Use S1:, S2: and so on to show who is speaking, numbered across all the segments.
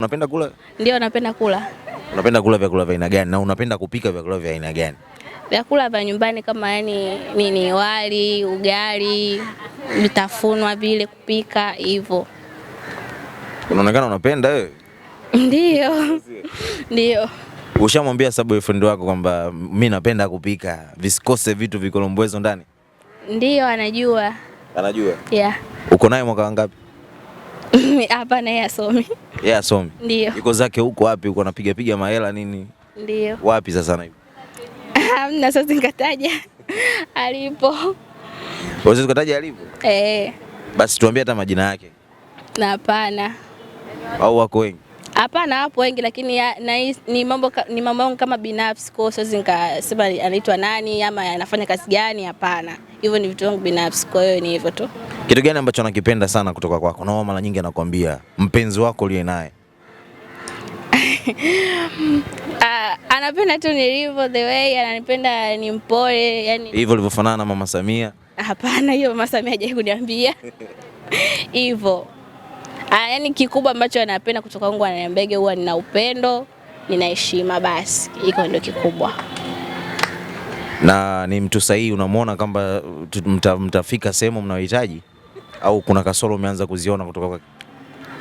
S1: Unapenda kula?
S2: Ndio, napenda kula.
S1: Unapenda kula vyakula vya aina gani na unapenda kupika vyakula vya aina gani?
S2: Vyakula vya nyumbani kama yani nini, wali, ugali, vitafunwa vile, kupika hivyo.
S1: Unaonekana unapenda wewe.
S2: Eh? Ndio. Ndio.
S1: Ushamwambia sasa boyfriend wako kwamba mi napenda kupika, visikose vitu vikolombwezo ndani?
S2: Ndio, anajua. Anajua? Yeah.
S1: Uko naye mwaka wangapi?
S2: Hapana, yeye asomi. Yeah, asomi. Ndio.
S1: Yuko zake huko wapi Uko anapiga piga mahela nini? Ndio. Wapi sasa na hivi?
S2: Hamna sasa nikataja. Alipo.
S1: Wewe ukataja alipo? Eh. Basi tuambie hata majina yake.
S2: Na hapana. Au wako wengi? Hapana, hapo wengi, lakini ya, na, ni mambo ni mama yangu kama binafsi, kwa hiyo siwezi nikasema anaitwa nani ama anafanya kazi gani. Hapana, hivyo ni vitu vyangu binafsi, kwa hiyo ni hivyo tu.
S1: Kitu gani ambacho anakipenda sana kutoka kwako na mara nyingi anakuambia mpenzi wako uliye naye?
S2: Uh, anapenda tu nilivyo, the way ananipenda, ni mpole yani...
S1: hivyo ulivyofanana na Mama Samia?
S2: Hapana, hiyo Mama Samia hajawahi kuniambia hivyo. Ah, yani kikubwa ambacho anapenda kutoka kwangu ananiambia huwa nina upendo, nina heshima, basi iko ndio kikubwa.
S1: Na ni mtu sahihi, unamwona kwamba mta, mtafika sehemu mnayohitaji au kuna kasoro umeanza kuziona kutoka kwa...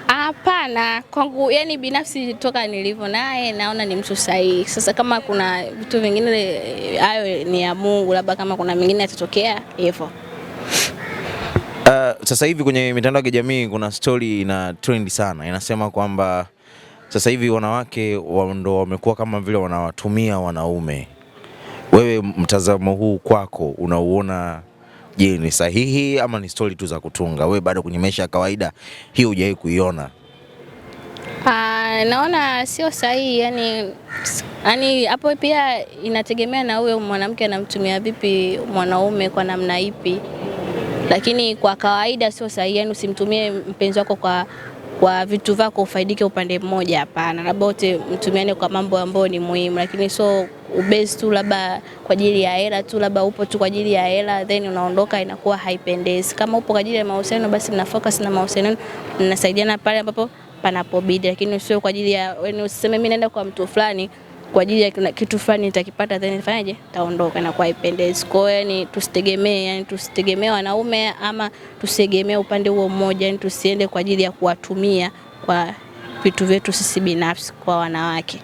S2: Hapana, kwangu yani binafsi toka nilivyo naye naona ni mtu sahihi. Sasa kama kuna vitu vingine eh, hayo ni ya Mungu, labda kama kuna mingine atatokea hivyo.
S1: Eh, sasa hivi kwenye mitandao ya kijamii kuna stori ina trendi sana, inasema kwamba sasa hivi wanawake wa ndo wamekuwa kama vile wanawatumia wanaume. Wewe mtazamo huu kwako unauona je, ni sahihi ama ni stori tu za kutunga? Wewe bado kwenye maisha ya kawaida hii hujawahi kuiona?
S2: Uh, naona sio sahihi yani, yani hapo pia inategemea na huyo mwanamke anamtumia vipi mwanaume kwa namna ipi lakini kwa kawaida sio sahihi. Yani usimtumie mpenzi wako kwa kwa vitu vyako ufaidike upande mmoja, hapana. Labda wote mtumiane kwa mambo ambayo ni muhimu, lakini so ubezi tu labda kwa ajili ya hela tu, labda upo tu kwa ajili ya hela then unaondoka, inakuwa haipendezi. Kama upo kwa ajili ya mahusiano, basi na focus na mahusiano, nasaidiana pale ambapo panapobidi, lakini sio kwa ajili ya, yaani useme mimi naenda kwa mtu fulani kwa ajili ya kitu fulani nitakipata, then nifanyaje, taondoka na kwa ipendezi. Kwa hiyo yani tusitegemee, yani tusitegemee wanaume ama tusitegemee upande huo mmoja, yani tusiende kwa ajili ya kuwatumia kwa vitu vyetu sisi binafsi kwa wanawake.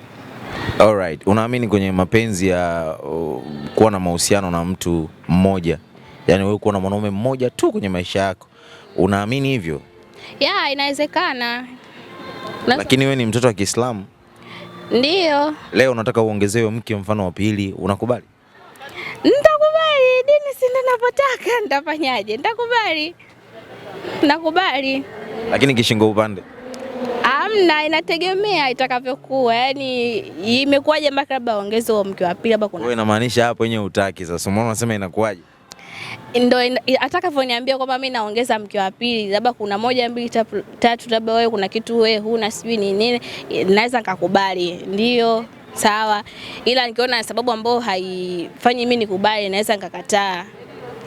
S1: Alright, unaamini kwenye mapenzi ya uh, kuwa na mahusiano na mtu mmoja, yaani wewe kuwa na mwanaume mmoja tu kwenye maisha yako, unaamini hivyo?
S2: Yeah, inawezekana.
S1: Lakini wewe ni mtoto wa Kiislamu
S2: ndio
S1: Leo unataka uongezewe mke mfano wa pili, unakubali?
S2: Nitakubali, dini si ninapotaka, nitafanyaje? Nitakubali, nakubali.
S1: Lakini kishingo upande
S2: amna inategemea itakavyokuwa, yaani imekuwaje mpaka labda uongeze mke wa pili.
S1: Inamaanisha hapo yenyewe utaki. Sasa umeona, unasema inakuwaje?
S2: ndo atakavyoniambia kwamba mimi naongeza mke wa pili, labda kuna moja mbili tatu, labda wewe kuna kitu wewe huna sijui ni nini, naweza nikakubali ndio sawa, ila nikiona sababu ambayo haifanyi mimi nikubali, naweza nikakataa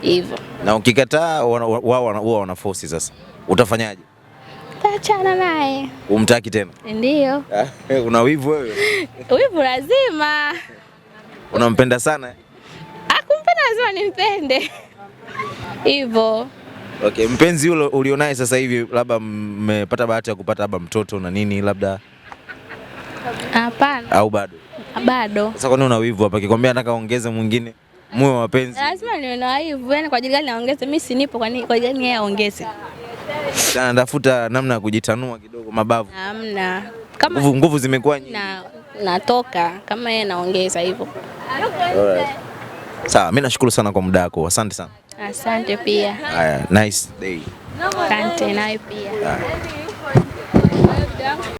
S2: hivyo.
S1: Na ukikataa wao huwa wana, force sasa, utafanyaje?
S2: tachana naye,
S1: umtaki tena? Ndio. Eh, una wivu wewe?
S2: Wivu lazima.
S1: Unampenda sana?
S2: Akumpenda lazima nimpende hivyo.
S1: Okay, mpenzi ule ulionaye sasa hivi labda mmepata bahati ya kupata labda mtoto na nini labda? Hapana. Au bado? Bado. Sasa kwa nini una wivu hapa? Kikwambia nataka ongeze mwingine muwe wapenzi.
S2: Lazima niwe na wivu, Yaani kwa ajili gani aongeze? Mimi si nipo, kwa nini kwa ajili gani yeye aongeze?
S1: Natafuta namna ya kujitanua kidogo mabavu.
S2: Hamna.
S1: Kama nguvu nguvu zimekuwa nyingi.
S2: Na natoka kama yeye anaongeza hivyo.
S1: Alright. Sawa, mimi nashukuru sana kwa muda wako. Asante sana.
S2: Asante pia.
S1: Haya, nice day.
S2: Asante nayo pia.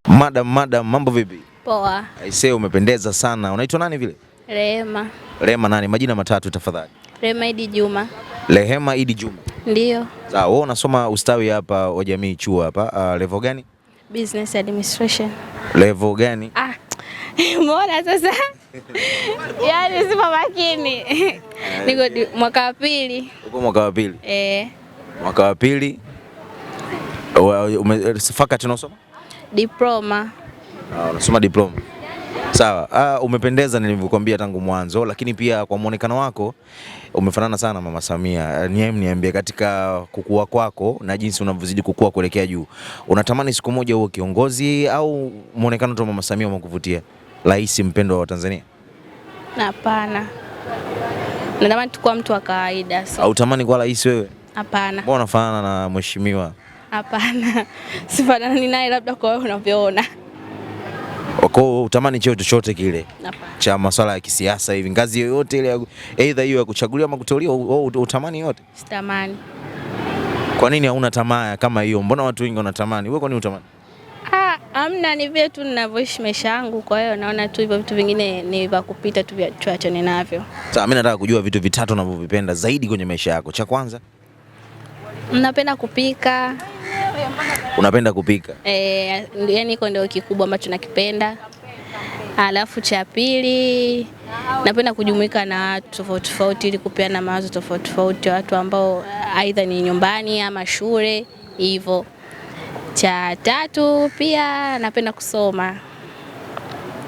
S1: Madam, madam, mambo vipi? Poa. Aisee, umependeza sana. Unaitwa nani vile? Rehema. Rehema nani? Majina matatu tafadhali.
S2: Rehema Idi Juma.
S1: Rehema Idi Juma. Ndio. Sawa, wewe unasoma ustawi hapa wa jamii chuo hapa. Uh, level gani?
S2: Business administration.
S1: Level gani?
S2: Ah, Mbona sasa, yaani sipo makini. Niko mwaka wa pili.
S1: Uko mwaka wa pili? Eh. Mwaka wa pili. Fakati unaosoma?
S2: Diploma.
S1: Ah, unasoma diploma. Sawa. Ah, umependeza nilivyokuambia tangu mwanzo, lakini pia kwa mwonekano wako umefanana sana Mama Samia. Niambie katika kukua kwako na jinsi unavyozidi kukua kuelekea juu, unatamani siku moja uwe kiongozi au mwonekano tu Mama Samia umekuvutia? rais mpendwa wa Tanzania?
S2: Hapana, natamani tu kuwa mtu wa kawaida. So.
S1: Hautamani kuwa rais wewe? Hapana. Mbona unafanana na mheshimiwa?
S2: Hapana, sifanani naye, labda kwa wewe unavyoona.
S1: Kwa hiyo utamani cheo chochote kile cha masuala ya kisiasa hivi, ngazi yoyote ile, aidha hiyo ya kuchaguliwa ama kuteuliwa, utamani yote?
S2: Sitamani.
S1: Kwa nini hauna tamaa kama hiyo? Mbona watu wengi wanatamani, wewe kwa nini utamani?
S2: Amna, ni vile tu ninavyoishi maisha yangu, kwa hiyo naona tu hivyo vitu vingine ni vya kupita tu, tuachane navyo.
S1: Sasa mimi nataka kujua vitu vitatu unavyovipenda zaidi kwenye maisha yako. Cha kwanza,
S2: napenda kupika.
S1: Unapenda kupika?
S2: Eh, yani iko ndio kikubwa ambacho nakipenda. Alafu cha pili napenda kujumuika na watu tofauti tofauti ili kupeana mawazo tofauti tofauti, watu ambao aidha ni nyumbani ama shule hivyo. Cha tatu pia napenda kusoma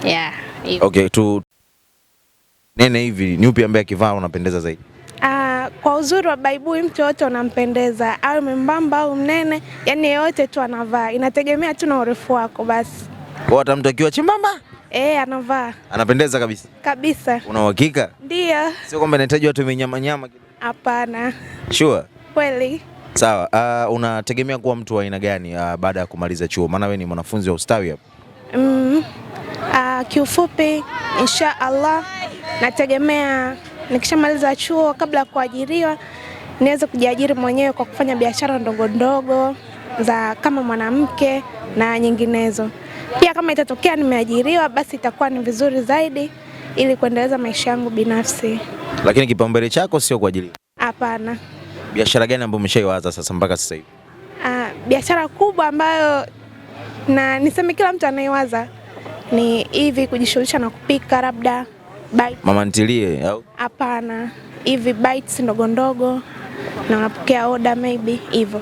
S2: yeah,
S1: okay, tu nene hivi, ni upi ambaye akivaa unapendeza zaidi?
S2: Uh, kwa uzuri wa baibui mtu yoyote unampendeza, au membamba au mnene, yani yeyote tu anavaa, inategemea tu na urefu wako basi.
S1: Kwa hata mtu akiwa chimbamba
S2: E, anavaa
S1: anapendeza kabisa kabisa. Una uhakika? Ndio, sio kwamba inahitaji watu wenye nyama nyama.
S2: Hapana. Sure. Kweli.
S1: Sawa. Uh, unategemea kuwa mtu wa aina gani uh, baada ya kumaliza chuo? Maana wewe ni mwanafunzi wa ustawi hapa.
S2: Mm, uh, kiufupi insha Allah nategemea nikishamaliza chuo, kabla ya kuajiriwa, niweze kujiajiri mwenyewe kwa kufanya biashara ndogo ndogo za kama mwanamke na nyinginezo. Pia kama itatokea nimeajiriwa, basi itakuwa ni vizuri zaidi ili kuendeleza maisha yangu binafsi.
S1: Lakini kipaumbele chako sio kuajiriwa? Hapana biashara gani ambayo umeshaiwaza sasa mpaka sasa hivi?
S2: Uh, biashara kubwa ambayo na niseme kila mtu anaiwaza ni hivi kujishughulisha na kupika labda bite.
S1: Mama ntilie au?
S2: Hapana, hivi bites ndogo ndogo na unapokea order maybe hivyo.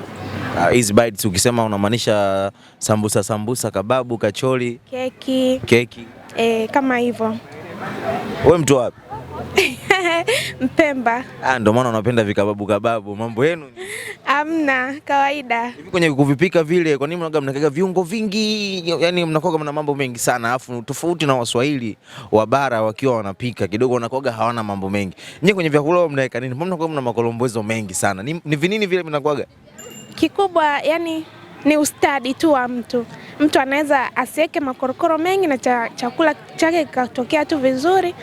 S1: Ah, hizi uh, bites ukisema unamaanisha sambusa, sambusa, kababu, kacholi,
S2: keki, keki. Eh, kama hivyo.
S1: Wewe mtu wapi?
S2: Mpemba.
S1: Ah, ndio maana unapenda vikababu kababu. Mambo yenu?
S2: Amna, kawaida. Hivi
S1: kwenye kuvipika vile, kwa nini mnaga mnakaga viungo vingi? Yaani mnakoga mna mambo mengi sana, afu tofauti na Waswahili wa bara wakiwa wanapika kidogo wanakoga hawana mambo mengi. Nyinyi kwenye vyakula mnaweka nini? Mbona mnakoga mna makolombozo mengi sana? Ni, ni vinini vile mnakoga?
S2: Kikubwa yani ni ustadi tu wa mtu. Mtu anaweza asiweke makorokoro mengi na cha, chakula chake kikatokea tu vizuri,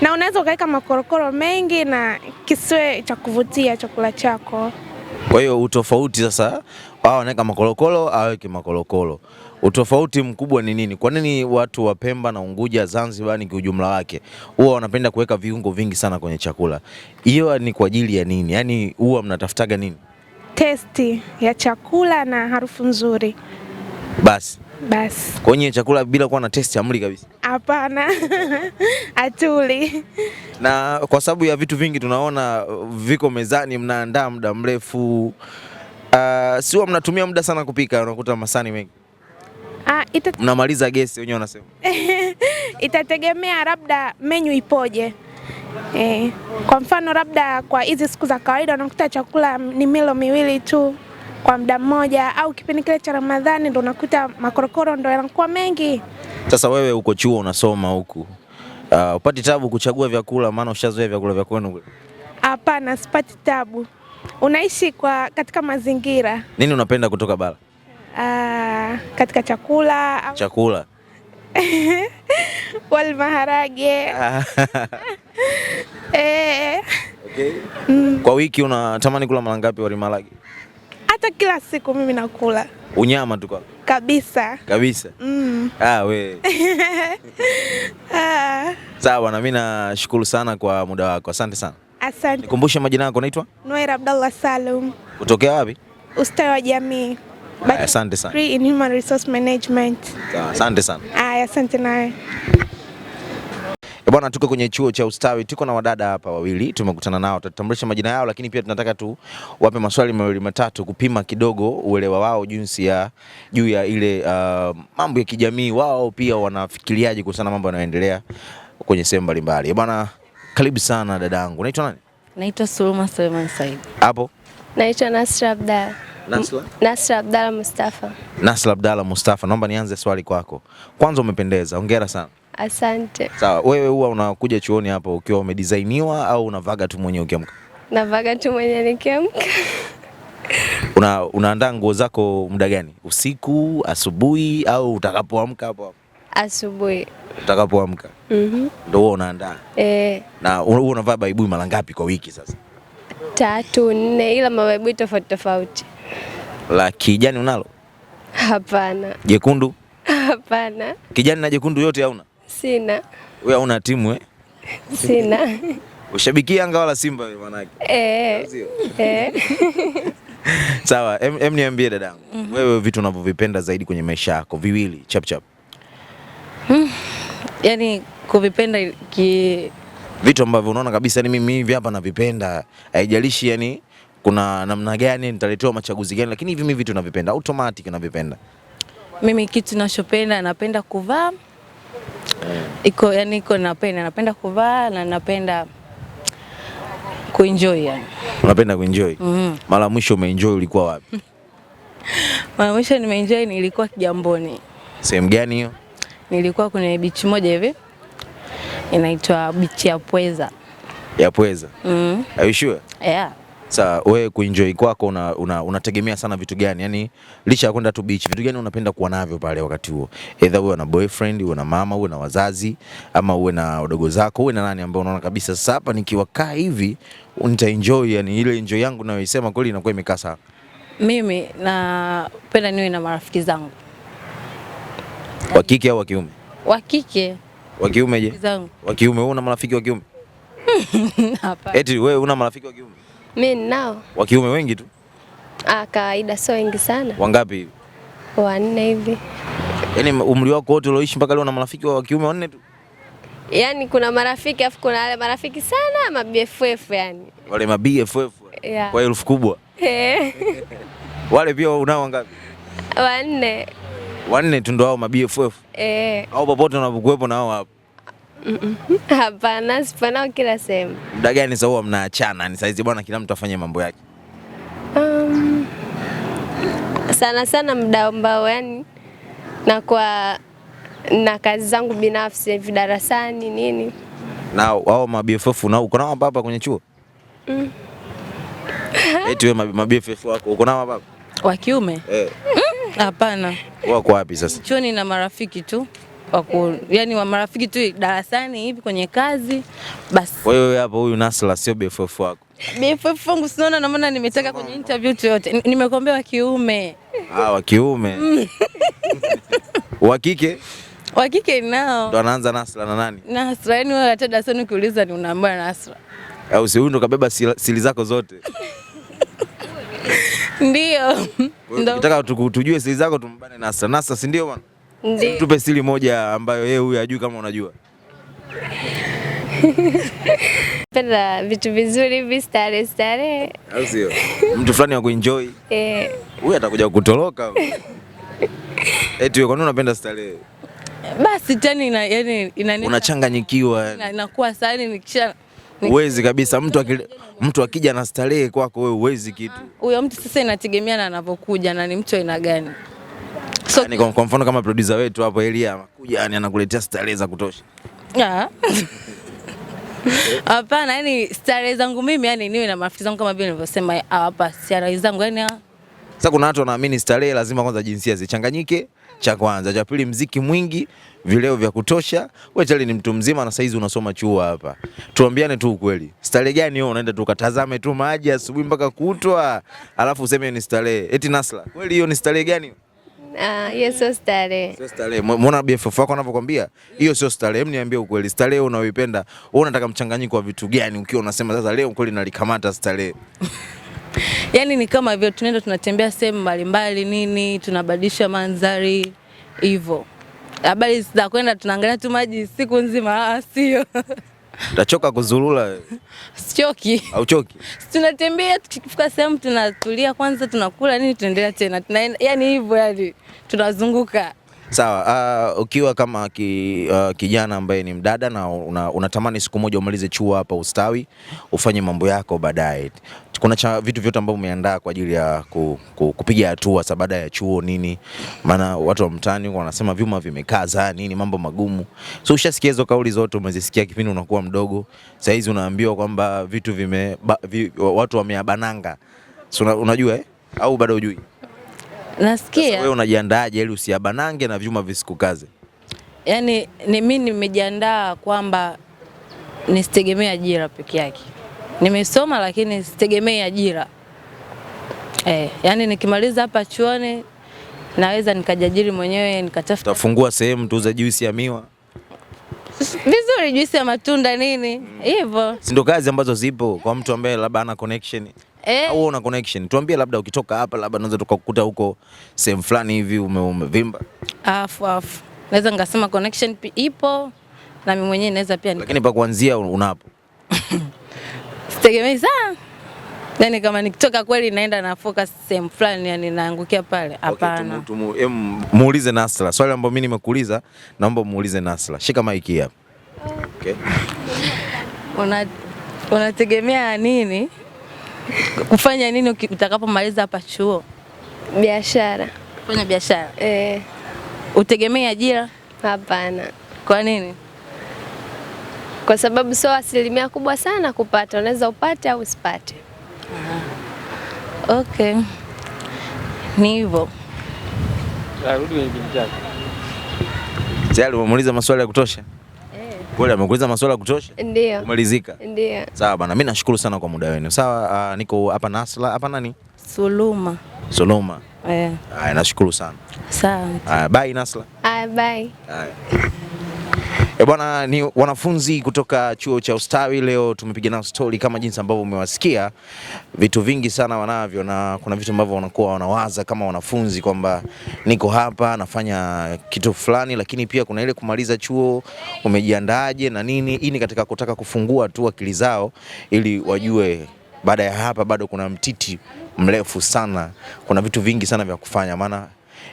S2: na unaweza ukaweka makorokoro mengi na kisiwe cha kuvutia chakula chako.
S1: Kwa hiyo utofauti sasa, wao wanaweka makorokoro, aweke makorokoro. Utofauti mkubwa ni nini? Kwa nini watu wa Pemba na Unguja, Zanzibar ni kiujumla wake huwa wanapenda kuweka viungo vingi sana kwenye chakula? Hiyo ni kwa ajili ya nini? Yaani huwa mnatafutaga nini?
S2: testi ya chakula na harufu nzuri basi basi.
S1: kwenye chakula bila kuwa na testi amli kabisa?
S2: Hapana, atuli.
S1: Na kwa sababu ya vitu vingi tunaona uh, viko mezani, mnaandaa muda mrefu, uh, siwa mnatumia muda sana kupika, unakuta masani mengi uh, ita... mnamaliza gesi wenyewe wanasema.
S2: Itategemea labda menyu ipoje E, kwa mfano labda kwa hizi siku za kawaida unakuta chakula ni milo miwili tu kwa muda mmoja, au kipindi kile cha Ramadhani ndo unakuta makorokoro ndo yanakuwa mengi.
S1: Sasa wewe uko chuo unasoma huku, uh, ah, upati tabu kuchagua vyakula, maana ushazoea vyakula vya kwenu?
S2: Hapana, sipati tabu, unaishi kwa katika mazingira.
S1: Nini unapenda kutoka bara?
S2: Uh, katika chakula
S1: au... chakula
S2: wali maharage Eh. Okay.
S1: Mm. Kwa wiki unatamani kula mara ngapi wali maharage?
S2: Hata kila siku mimi nakula unyama tu kabisa kabisa. Mm.
S1: Ah, we ah. Sawa, na mimi nashukuru sana kwa muda wako, asante sana. Asante. Nikumbushe majina yako, naitwa
S2: Noira Abdallah Salum. Kutokea wapi? Ustawi wa jamii. Asante sana. Free in human resource management. Asante sana. Ah, asante naye.
S1: Bwana, tuko kwenye chuo cha ustawi, tuko na wadada hapa wawili, tumekutana nao, tutatambulisha majina yao, lakini pia tunataka tu wape maswali mawili matatu kupima kidogo uelewa wao jinsi ya juu ya ile uh, mambo ya kijamii, wao pia wanafikiriaje kuhusiana mambo yanayoendelea kwenye sehemu mbalimbali. Bwana, karibu sana dadangu, unaitwa nani?
S2: Naitwa Suluma Suleman Said. Hapo naitwa Nasra Abda Nasra Abdalla Mustafa.
S1: Nasra Abdalla Mustafa, naomba nianze swali kwako. Kwanza umependeza, hongera sana.
S2: Asante.
S1: Sawa, wewe huwa unakuja chuoni hapa ukiwa umedesigniwa au unavaga tu mwenyewe ukiamka?
S2: Navaga tu mwenyewe nikiamka.
S1: Una, unaandaa nguo zako muda gani? Usiku, asubuhi au utakapoamka hapo hapo?
S2: Asubuhi.
S1: Utakapoamka. Mhm. Ndio unaandaa. Eh. Na wewe unavaa baibui mara ngapi kwa wiki sasa?
S2: Tatu, nne ila mabaibui tofauti tofauti.
S1: La kijani unalo?
S2: Hapana. Jekundu? Hapana.
S1: Kijani na jekundu yote hauna? Sina. Wewe una timu eh? Sina. Ushabiki Yanga wala Simba wewe manake?
S2: Eh. Eh.
S1: Sawa, em niambie dadangu. Mm -hmm. Wewe vitu unavyovipenda zaidi kwenye maisha yako viwili chap chap.
S2: Mm. Yaani kuvipenda ki...
S1: vitu ambavyo unaona kabisa ni mimi hivi hapa navipenda, haijalishi yani kuna namna gani nitaletewa machaguzi gani, lakini hivi mimi vitu navipenda automatic navipenda.
S2: Mimi kitu nachopenda napenda kuvaa Eh. iko yani, iko napenda, napenda kuvaa na napenda kuenjoy yani.
S1: Unapenda kuenjoy? mm -hmm. Mara mwisho umeenjoy ulikuwa wapi?
S2: Mara mwisho nimeenjoy nilikuwa Kigamboni.
S1: Sehemu gani hiyo?
S2: Nilikuwa kwenye beach moja hivi inaitwa beach ya Pweza. Ya Pweza? mm -hmm. Are you sure? Yeah.
S1: Sasa wewe kuenjoy kwako unategemea una, una sana vitu gani? Yaani licha ya kwenda tu beach, vitu gani unapenda kuwa navyo pale wakati huo? Either uwe na boyfriend, uwe na mama, uwe na wazazi ama uwe na wadogo zako, uwe na nani ambao unaona kabisa sasa hapa nikiwa kaa hivi nitaenjoy, yani ile enjoy yangu nayoisema kweli inakuwa imekaa sana.
S2: Mimi napenda niwe na marafiki zangu.
S1: Wa kike au wa kiume?
S2: Wa kike.
S1: Wa kiume je? Wa kiume. Wewe una marafiki wa kiume? Hapana. Eti wewe una marafiki wa kiume?
S2: Mimi ninao
S1: wa kiume wengi tu.
S2: Ah, kawaida sio wengi sana. Wangapi? Wanne hivi.
S1: Yaani umri wako wote ulioishi mpaka leo na marafiki wa kiume wanne tu?
S2: Yaani kuna marafiki afu kuna wale marafiki sana ma BFF yani.
S1: Wale ma BFF. Yeah. Kwa elfu kubwa. Eh. Wale pia unao wangapi?
S2: Wanne.
S1: Wanne tu ndo hao ma BFF. Eh. Au popote unapokuwepo nao hapo.
S2: Hapana, sipo kila sehemu.
S1: Muda gani sasa huwa mnaachana? Ni saizi bwana, kila mtu afanye mambo yake.
S2: Um, sana sana muda ambao yani na kwa na kazi zangu binafsi hivi darasani nini.
S1: Na wao ma BFF na uko nao hapa kwenye chuo? Mm. Eti wewe ma BFF wako uko nao hapa? Wa kiume? Eh.
S2: Mm. Hapana.
S1: Wako wapi sasa?
S2: ni na marafiki tu waku, yani wa marafiki tu darasani hivi kwenye kazi basi.
S1: Wewe hapo huyu Nasra sio BFF wako?
S2: BFF wangu sinaona, na maana nimetaka kwenye interview tu yote nimekombea wa kiume.
S1: Ah, wa kiume. Mm. Wa kike?
S2: Wa kike nao. Ndo
S1: anaanza Nasra na nani?
S2: Nasra, yani wewe hata darasani ukiuliza ni unaambia Nasra.
S1: Au eh, si huyu ndo kabeba siri zako zote?
S2: Ndio.
S1: Nataka tujue siri zako tumbane Nasra. Nasra si ndio bwana? Ndiyo. Tupe siri moja ambayo yeye huyu ajui kama unajua.
S2: Penda vitu vizuri hivi stare stare.
S1: Au sio? Mtu fulani wa kuenjoy. Eh. Huyu atakuja kutoroka. Eti eh, wewe kwa nini unapenda stare?
S2: Basi tena ina yani
S1: inanipa unachanganyikiwa.
S2: Inakuwa sasa nikisha
S1: Uwezi kabisa mtu akil, mtu akija na starehe kwako wewe uwezi kitu.
S2: Huyo mtu sasa inategemeana anavyokuja na ni mtu aina gani.
S1: So, yani kwa mfano kama producer wetu hapo Elia anakuja yani anakuletea starehe za kutosha.
S2: Hapana, yani starehe zangu mimi yani niwe na marafiki zangu kama vile nilivyosema hapa, starehe zangu yani
S1: sasa kuna watu wanaamini starehe lazima kwanza jinsia zichanganyike, cha kwanza, cha pili mziki mwingi, vileo vya kutosha. Wewe tayari ni mtu mzima na saizi unasoma chuo hapa, tuambiane tu ukweli, starehe gani wewe unaenda tukatazame tu maji asubuhi mpaka kutwa, alafu useme ni starehe? Eti Nasla, kweli hiyo ni starehe gani?
S2: Ah, hiyo sio starehe.
S1: Sio starehe. Muona BFF wako anavyokuambia hiyo sio starehe. Niambie ukweli, starehe unaoipenda wewe unataka mchanganyiko wa vitu gani ukiwa unasema sasa leo kweli nalikamata starehe?
S2: Yaani ni kama hivyo tunaenda tunatembea sehemu mbalimbali nini, tunabadilisha mandhari hivyo. Habari za kwenda tunaangalia tu maji siku nzima, ah, sio
S1: Utachoka kuzurula.
S2: Sichoki. Hauchoki? Tunatembea tukifika sehemu tunatulia kwanza, tunakula nini, tunaendelea tena. Tuna, yani hivyo yani tunazunguka
S1: Sawa, uh, ukiwa kama ki, uh, kijana ambaye ni mdada na unatamani una, siku moja umalize chuo hapa ustawi ufanye mambo yako baadaye, kuna cha vitu vyote ambavyo umeandaa kwa ajili ya ku, ku, kupiga hatua sasa baada ya chuo nini? Maana watu wa mtaani wanasema vyuma vimekaza nini, mambo magumu. So ushasikia hizo kauli zote, umezisikia kipindi unakuwa mdogo. Sasa hizi unaambiwa kwamba vitu vime ba, vi, watu wameabananga. So, unajua eh? au bado hujui?
S2: Nasikia. Sasa
S1: wewe unajiandaaje ili usiabanange na vyuma visikukaze?
S2: Yaani ni mimi nimejiandaa kwamba nisitegemee ajira peke yake. Nimesoma lakini sitegemee ajira. Eh, yaani nikimaliza hapa chuoni naweza nikajajiri mwenyewe nikatafuta.
S1: Tafungua sehemu tuuza juisi ya miwa
S2: vizuri, juisi ya matunda nini hivyo, mm.
S1: Si ndo kazi ambazo zipo kwa mtu ambaye labda ana connection eh, au una connection? Tuambie labda ukitoka hapa labda naweza tukakukuta huko sehemu fulani hivi umevimba.
S2: Afu afu. Naweza ngasema connection ipo na mimi mwenyewe naweza pia
S1: lakini pa kuanzia unapo.
S2: Sitegemei sana. Yaani kama nikitoka kweli naenda na focus sehemu fulani yani naangukia pale. Hapana.
S1: Okay, muulize Nasra. Swali ambalo mimi nimekuuliza naomba muulize Nasra. Shika mic hapa. Okay.
S2: Una unategemea nini Kufanya nini utakapomaliza hapa chuo? Biashara. Kufanya biashara? Eh. Utegemea ajira? Hapana. Kwa nini? Kwa sababu sio asilimia kubwa sana kupata, unaweza upate au usipate. Okay, ni hivyo.
S1: Tayari umemuuliza maswali ya kutosha. Kweli amekuuliza maswali ya kutosha? Ndio. Umalizika? Ndio. Sawa bana, mimi nashukuru sana kwa muda wenu. Sawa, uh, niko hapa Asla, hapa nani?
S2: Suluma. Suluma. Eh.
S1: Yeah. Nashukuru sana.
S2: Sawa. Bye Nasla. Ah, bye.
S1: E bwana, ni wanafunzi kutoka chuo cha ustawi. Leo tumepiga nao story kama jinsi ambavyo umewasikia, vitu vingi sana wanavyo, na kuna vitu ambavyo wanakuwa wanawaza kama wanafunzi kwamba niko hapa nafanya kitu fulani, lakini pia kuna ile kumaliza chuo, umejiandaaje na nini. Hii ni katika kutaka kufungua tu akili zao ili wajue baada ya hapa bado kuna mtiti mrefu sana, kuna vitu vingi sana vya kufanya maana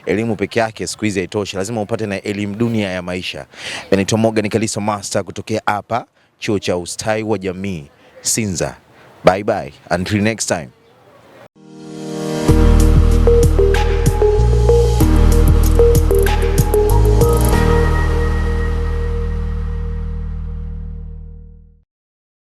S1: elimu peke yake siku hizi haitoshi, lazima upate na elimu dunia ya maisha. Naitwa Morgan Kaliso Master kutokea hapa chuo cha ustawi wa jamii Sinza. Bye bye until next time.